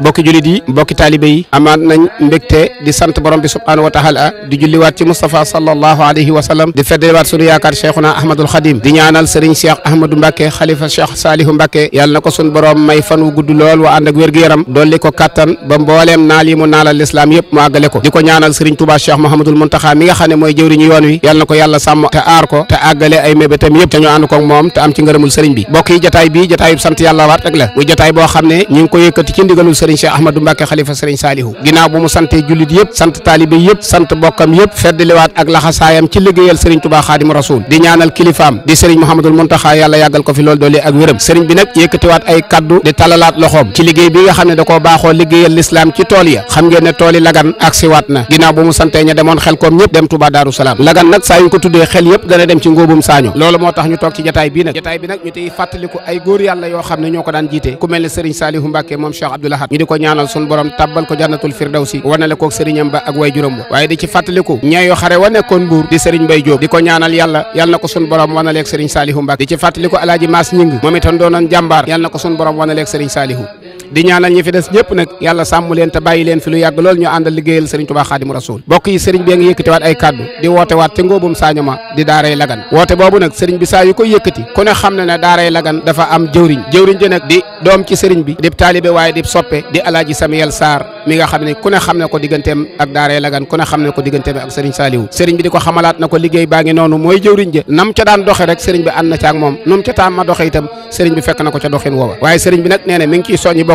bokki julit yi bokki taalibe yi amaat nañ mbégte di sant borom bi subhaanahu wa taala di julliwaat ci Moustapha sallallahu alayhi wa sallam di feddaliwaat sunu yaakaar cheikhuna ba mbooleem naal yi mu naalal lislaam yëpp mu àggale ko di ci ngërëmul sëriñ bi bokk yi jataay bi waat rek la muy jataay boo xam ne ñu ko yëkkati ci ndigalul sëriñ Cheikh Ahmadou Mbacke xalifa sëriñ Saalihu ginnaaw bu mu santee jullit yëpp sant taalibe yëpp sant bokkam yëpp feddliwaat ak laxasaayam ci liggéeyal sëriñ Touba Xaadim Rasul di ñaanal kilifaam di sëriñ Mouhamadul Muntaxa yàlla yàggal ko fi loolu doole ak wéram sëriñ bi nag yëkkatiwaat ay kaddu di talalaat loxoom ci liggéey bi nga xam ne da baaxoo liggéeyal lislaam ci tool ya xam ngeen ne tool lagan ak siwaat na ginnaaw bu mu santee ña ñi di ko ñaanal sun borom tabbal ko jannatul firdawsi wanale kook sëriñam ba ak way juróom ba waaye di ci fàttaliku ñeeyo xare wa nekkoon mbuur di sëriñ Mbay Jóob di ko ñaanal yàlla yàlla na ko sun borom wanaleeg sëriñ Saalihu Mbàkke di ci fàttaliku alaaji Maas Ñing moom itam doonoon jàmbaar yàlla na ko sun borom wanaleeg sëriñ Saalihu di ñaanal ñi fi des ñëpp nag yàlla sàmm leen te bàyyi leen fi lu yàgg lool ñu àndal liggéeyal sëriñ Tuubaa Xaadimu Rasuul bokk yi sëriñ bi nga yëkkatiwaat ay kàddu di woote waat ci ngóobum Sañoma di daaray lagan woote boobu nag sëriñ bi saa koy yëkkati ku ne xam na daaray lagan dafa am jëwriñ jëwriñ ji nag di doom ci sëriñ bi di taalibe waaye di soppe di alaaji Samuel Sarr mi nga xam ne ko digganteem ak daaray lagan ku ne xam ne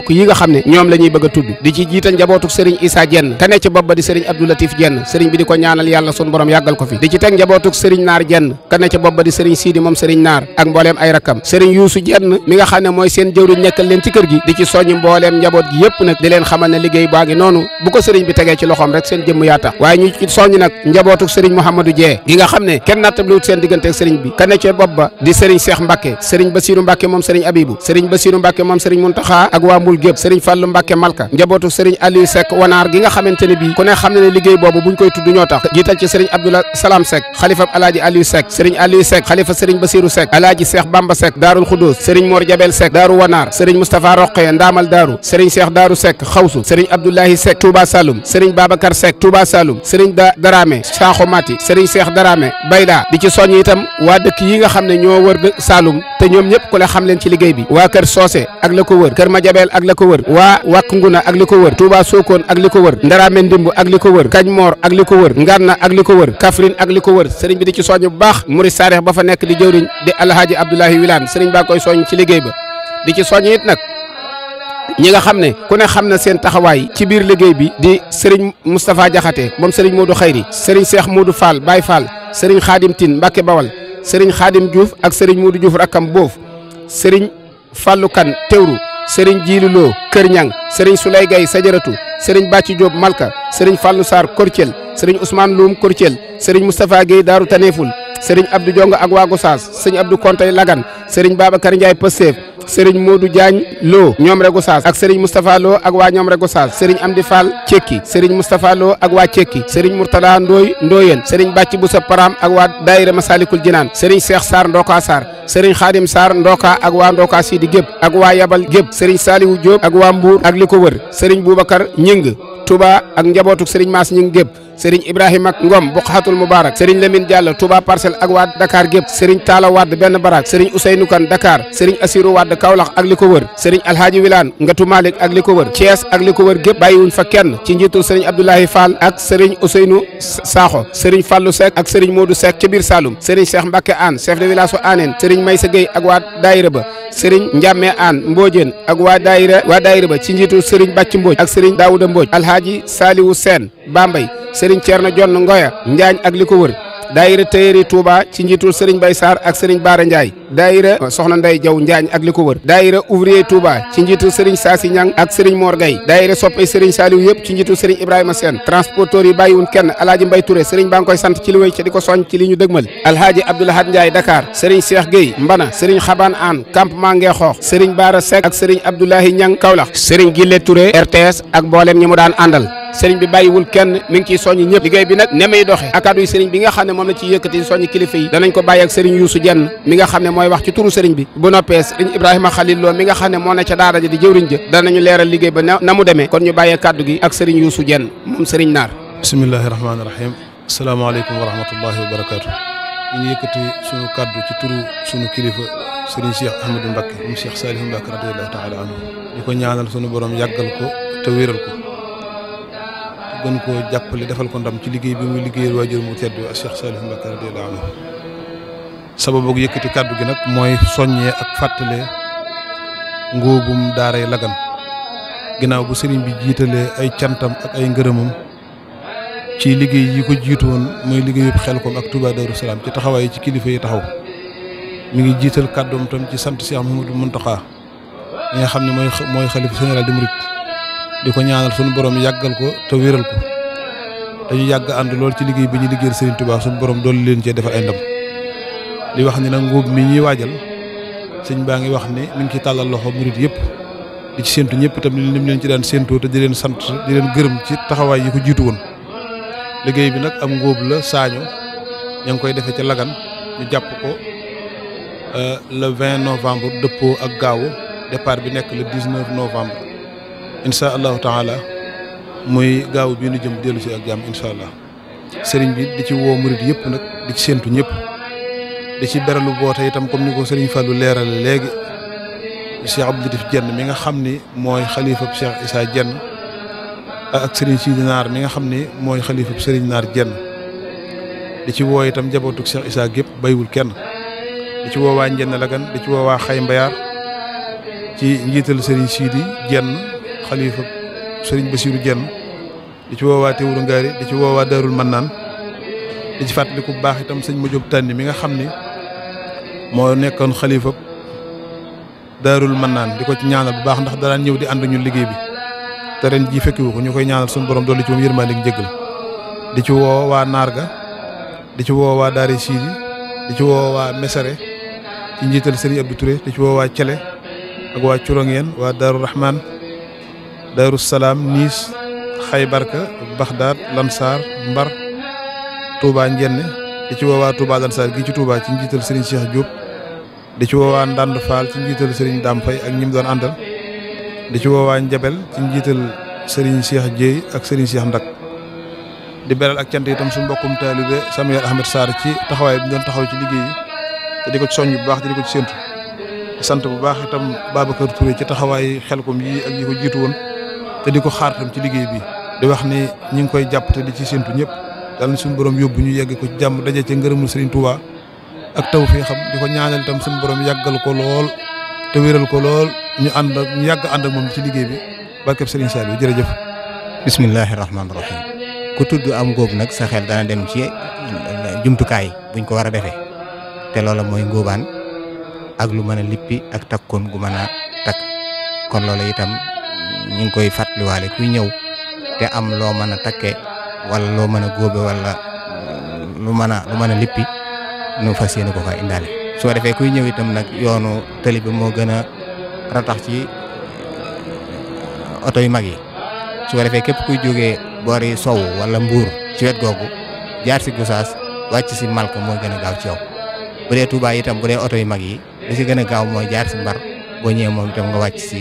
mbokk yi nga xam ne ñoom la ñuy bëgg a di ci jiital njabootuk sëriñ Issa Jenn te ne ci di sëriñ Abdou Jenn sëriñ bi di ko ñaanal yàlla sun borom yàggal ko fi di ci teg njabootuk sëriñ Naar Jenn te ne ci di sëriñ Siidi moom sëriñ Naar ak mbooleem ay rakkam sëriñ Yuusu Jenn mi nga xam ne mooy seen jëwriñ nekkal leen ci kër di ci soññi mbooleem njaboot gi yépp nag di leen xamal ne liggéey baa ngi noonu bu sëriñ bi tegee ci loxoom rek Boubou Guèb Serigne Fallou Mbacke Malka njabootu Serigne Aliou Seck wanaar gi nga xamante ne bii ku ne xam ne ne liggéey boobu buñ koy tudd ñoo tax jiital ci Serigne Abdoulaye Salam Seck xalifa Alaaji Aliou Seck Serigne Aliou Seck xalifa Serigne Basirou Seck Alaaji Seex Bamba Seck Daarul Xudóos Serigne Mor Jabel Seck Daaru Wanaar Serigne Moustapha Roqeye Ndaamal Daaru Serigne Seex Daaru Seck Xawsu Serigne Abdoulahi Seck Touba Saloum Serigne Babacar Seck Touba Saloum Serigne da Darame Saaxo Mati Serigne Seex Darame Bayda di ci soññ itam waa dëkk yi nga xam ne ñoo wër Saloum te ñoom ñëpp ku ne xam leen ci liggéey bi waa kër Soose ak la ko wër kër Majabel ak la ko wër waa wàkk nguna ak li ko wër Touba Sokone ak li ko wër Ndarame Ndimb ak li ko wër Kajmor ak li ko wër Ngarna ak li ko wër Kaffrine ak li wër sëriñ bi di ci soññ bu baax Murid Sarex ba fa nekk di jëwriñ di Alhaji Abdoulahi Wilane sëriñ ba koy soññ ci liggéey ba di ci soññ it nag ñi nga xam ne ku ne xam na seen taxawaay ci biir liggéey bi di sëriñ Moustapha Diakhaté moom sëriñ Modou Khayri sëriñ Cheikh Modou Fall Baye Fall sëriñ Khadim Tine Mbacke Bawal sëriñ Khadim Diouf ak sëriñ Modou Diouf rakkam boof sëriñ Fallou Kane Tewru sëriñ Jiili Lo Kër Ñang sëriñ Souley Gaye Sajaratu sëriñ Bàcci Diop Malka sëriñ Fallou Sarr Korcel sëriñ Ousmane Loum Korcel sëriñ Moustapha Guèye Daaru Taneeful sëriñ Abdou jong ak waa Gosaas sëriñ Abdou Kontay Lagan sëriñ Babacar Ndiaye Pësteef Serigne Modou Diagne Lo ñoom regu saas ak Serigne Moustapha Lo ak waa ñoom regu saas Serigne Amdi Fall Cekki Serigne Moustapha Lo ak waa Cekki Serigne Mourtada Ndoy Ndoyen Serigne Bàcci Boussa Param ak waa Daayira Masalikul Jinaan Serigne Cheikh Sarr Ndoka Sarr Serigne Khadim Sarr Ndoka ak waa Ndoka Sidi Gépp ak waa Yabal Gépp Serigne Salihu Diop ak waa Mbour ak li ko wër Serigne Boubacar Ñing tuba ak njabootuk Serigne Mass Ñing Gépp Serigne Ibrahima ak Ngom Buqatul Mubarak Serigne Lamine Diallo Touba Parcelles ak waa Dakar gépp Serigne Talla Wade benn barak Serigne Ousseynou Kane Dakar Serigne Assirou Wade Kaolack ak li ko wër Serigne Alhaji Wilane Ngatu Malick ak li ko wër Thiès ak li ko wër gépp bàyyiwuñ fa kenn ci njiitu Serigne Abdoulaye faal ak Serigne Ousseynou Sakho Serigne fallu sek ak Serigne Modou Seck ca biir Saloum Serigne Cheikh Mbacke Anne chef de village su Aneen Serigne Maysa Gueye ak waa daayira ba Serigne Ndiamé Anne Mbodiène ak waa daayira waa daayira ba ci njiitu Serigne Bàcc Mbodj ak Serigne Daouda Mbodj Alhaji Saliou Sène Bambey Serigne Thierno Jonn Ngoya Njaañ ak li ko wër daayira téyéri Touba ci njiitul sëriñ Bay Sarr ak Serigne Baara Ndiaye daayira soxna Ndey Jaw Njaañ ak li ko wër daayira ouvrier Touba ci njiitul Serigne Saasi Ñang ak Serigne Mor Gay daayira soppay Serigne Saliou yëpp ci njiitul Serigne Ibrahima Sène transporteur yi bàyyiwun kenn alaaji Mbay Touré Serigne baa ngi koy sant ci li wéy ci di ko soñ ci li ñu dëgmal alhaaji Abdoulahad Ndiaye Dakar Serigne Cheikh Gueye Mbana Serigne Xabaan Aan campement Ngeexoox Serigne Baara Seck ak Serigne Abdoulahi Ñang Kaolack Serigne Gille Touré RTS ak mboolem ñi mu daan àndal sëriñ bi bàyyiwul kenn mi ngi ciy soññ ñëpp liggéey bi na ne muy doxe ak kàddu yi sëriñ bi nga xam ne moom la ciy yëkkati soññ kilifa yi danañ ko bàyyi ak sëriñ Yuusu Jenn mi nga xam ne mooy wax ci turu sëriñ bi bu noppee sëriñ Ibrahima Xalil Lo mi nga xam ne moo ne ca daara ji di jëwriñ ja danañu leeral liggéey ba na mu demee kon ñu bàyyee kàddu gi ak sëriñ Yuusu Jenn moom sëriñ Naar bismillahi rahmaani rahim asalaamaaleykum wa rahmatullahi wa barakaatu ñu ngi yëkkati suñu kàddu ci turu suñu kilifa sëriñ Cheikh Ahmadou Mbacké mu Cheikh Saliou Mbacké radiyallahu taala anhu di ko ñaanal suñu borom yàggal ko te wéral gën koo jàppale defal ko ndam ci liggéey bi muy liggéeyal waajur mu tedd ak Cheikh Saliou Mbacké radiyallahu anhu sababu yëkkati kàddu gi nag mooy soññee ak fàttale ngóobum daaray Lagan ginnaaw bu sëriñ bi jiitalee ay cantam ak ay ngërëmam ci liggéey yi ko jiitu woon mooy liggéeyub Xelkom ak Touba Darou Salaam ci taxawaay ci kilifa yi taxaw mu ngi jiital kàddoom tam ci sant Cheikh Mouhamadou Mountakha mi nga xam ne mooy mooy xalifa général des mourides di ko ñaanal sunu borom yàggal ko te wéral ko dañu yàgg ànd lool ci liggéey bi ñu liggéeyal Serigne Touba sunu borom doolu leen cee defal ay ndam di wax ni nag ngóob mi ñuy waajal sëñ baa ngi wax ni mi ngi ci tàllal loxo murit yëpp di ci séntu ñëpp tamit ni mu leen ci daan séentoo te di leen sant di leen gërëm ci taxawaay yi ko jiitu woon liggéey bi nag am ngóob la saañu ña ngi koy defee ca lagan ñu jàpp ko euh, le 20 novembre dëppoo ak gaawu départ bi nekk le 19 novembre incha allahu taala muy gaaw bii nu jëm dellu si ak jàmm incha allah sëriñ bi di ci woo murit yëpp nag di ci séentu ñëpp di ci beralu boote itam comme ni ko sëriñ Fallou leerale léegi Cheikh Abdou Latif Diène mi nga xam ni mooy xalifab Cheikh Issa jenn ak sëriñ Sidi Naar mi nga xam ni mooy xalifab sëriñ Naar jenn di ci woo itam jabootug Cheikh Issa gépp baywul kenn di ci woo waa Ndiène Lagane di ci woo waa Xay Mbayaar ci njiital sëriñ Sidi Diène xalifa sëriñ Basiiru Jenn di ci woowaa Téwuru Ngaari di ci woowaa Daarul Mannaan di ci fàttaliku bu baax itam sëñ Mujub Tànni mi nga xam ni moo nekkoon xalifa Daarul Mannaan di ko ci ñaanal bu baax ndax danaan ñëw di ànd ñu liggéey bi te ren jii fekkiwu ko ñu koy ñaanal suñu borom dolli ci moom yërmande ak di ci woo naarga di ci woo waa Daare Siidi di ci woo waa Mesare ci njiital Serigne Abdou Touré di ci woo waa Cele ak waa Curongeen waa Daaru Salaam Niis Xaybarka Baxdaad Lansar Mbar Touba Njenne di ci woowaa Touba Lansar gi ci Touba ci njiital Serigne Cheikh Diop di ci woowaa Ndand Fall ci njiital sëriñ Dame Faye ak ñi mu doon àndal di ci woowaa Njabel ci njiital Serigne Cheikh Dieye ak Serigne seex Ndak di beral ak yi tam su mbokkum taalibe Samuel Ahmed Sarr ci taxawaay bi doon taxaw ci liggéey yi te di bu baax te di ko ci séntu sant bu baax itam Babacar Touré ci taxawaay xelkom yi ak yi ko te di ko xaar tam ci liggéey bi di wax ni ñu ngi koy jàpp te di ci séntu ñëpp dal na suñu borom yóbbu ñu yegg ko ci jàmm daje ci ngërëmul Serigne Touba ak taw fii xam di ko ñaanal itam suñu borom yàggal ko lool te wéral ko lool ñu ànd ak ñu yàgg ànd ak moom ci liggéey bi barkeb Serigne Saliou jërëjëf. bismillahi rahmaani rahim ku tudd am góob nag sa xel dana dem ci eh, jumtukaay buñ ko war a defee te loola mooy ngóobaan ak lu mën a lippi ak takkoon gu mën a takk kon loola ñu ngi koy fàttaliwaale kuy ñëw te am loo mën a takke walla loo mën a góobe wala mm, lu mën a mën a lippi nu fas yéene ko fa indaale soo defee kuy ñëw itam nag yoonu tëli moo gën a ratax ci oto yu mag yi su ko defee képp kuy jóge boori sow wala mbuur ci wet googu jaar si Gossas wàcc si Malka moo gën a gaaw ci yow bu dee Touba itam bu dee oto yu mag yi li si gën a gaaw mooy jaar si Mbar boo ñëwee moom itam nga wàcc si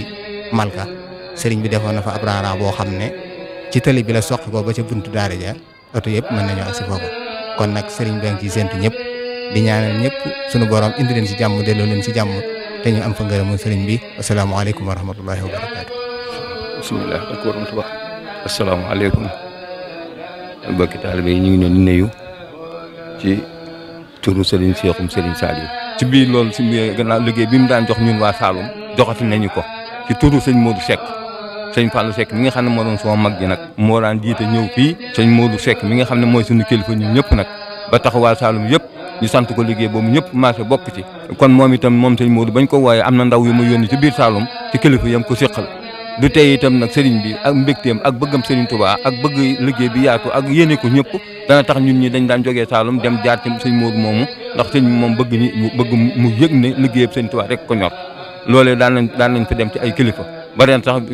Malka sëriñ bi defoo na fa ab boo xam ne ci tali bi la soqi ko ba ca buntu daara ja oto yëpp mën nañu agsi foofu kon nag sëriñ baa ngi ciy séntu ñëpp di ñaanal ñëpp sunu borom indi leen si jàmm delloo leen si jàmm te ñu am fa ngërëmu sëriñ bi asalaamaaleykum wa rahmatullahi wa barakaatu. bisimilah ak warahmatullah asalaamaaleykum mbokki taalibe ñu ngi leen nuyu ci turu sëriñ Seexum sëriñ Saliou. ci biir loolu si gannaaw liggéey bi mu daan jox ñun waa Saloum joxati nañu ko ci turu sëñ Modou Seck. sëñ Fallou Seck mi nga xam ne moo doon suma mag ji nag moo daan jiite ñëw fii sëñ Modou Seck mi nga xam ne mooy suñu kilifa ñun ñëpp nag ba taxawal Saloum yëpp ñu sant ko liggéey boobu ñëpp marché bokk ci kon moom itam moom sëñ Modou bañ ko wooyee am na ndaw yu ma yónni ci biir Saloum ci kilifa yam ko séqal du tey itam nag sëriñ bi ak mbégteem ak bëggam sëriñ Touba ak bëgg liggéey bi yaatu ak yéene ko ñëpp dana tax ñun ñi dañ daan jógee Saloum dem jaar ci sëñ Modou moomu ndax sëñ moom bëgg ñi bëgg mu yëg ne liggéey sëriñ Touba rek ko ñor loolee daan nañ daan nañ fa dem ci ay kilifa ba ren sax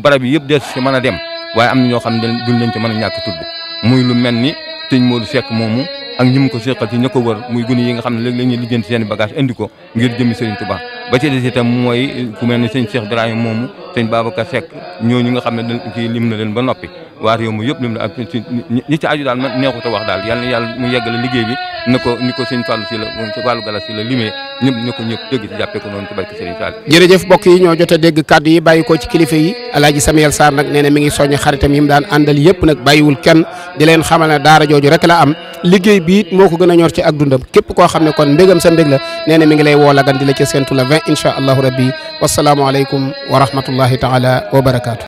barab yëpp des si mën a dem waaye am na ñoo xam ne duñ leen ci mën a ñàkk tudd muy lu mel ni sëñ Modou Seck moomu ak ñi mu ko seqal ci ña ko wër muy gune yi nga xam ne léegi la ñuy lijjanti seen bagage indi ko ngir jëmi Serigne Touba ba ci des itam mooy ku mel ni sëñ Cheikh Ibrahima moomu baabu Babacar Seck ñooñu nga xam ne kii lim na leen ba noppi waa réew mi yëpp lim la ak ñi daal man neexut wax daal yal na yàlla mu yeggale liggéey bi na ko ni ko sëñ Fallou si la si wàllu ko ñëpp dégg ci jàppee ko jërëjëf mbokk yi ñoo jot a dégg kàddu yi bàyyi ko ci kilifa yi alaaji Samuel Sarr nag nee na mi ngi soññ xaritam yi mu daan àndal yëpp nag bàyyiwul kenn di leen xamal ne daara jooju rek la am liggéey bi it moo ko gën a ñor ci ak dundam képp koo xam ne kon mbégam sa mbég la nee mi ngi lay woo lagan di la ca séntu la 20 incha allahu rabbi wasalaamualeykum wa rahmatullahi taala wa barakaatu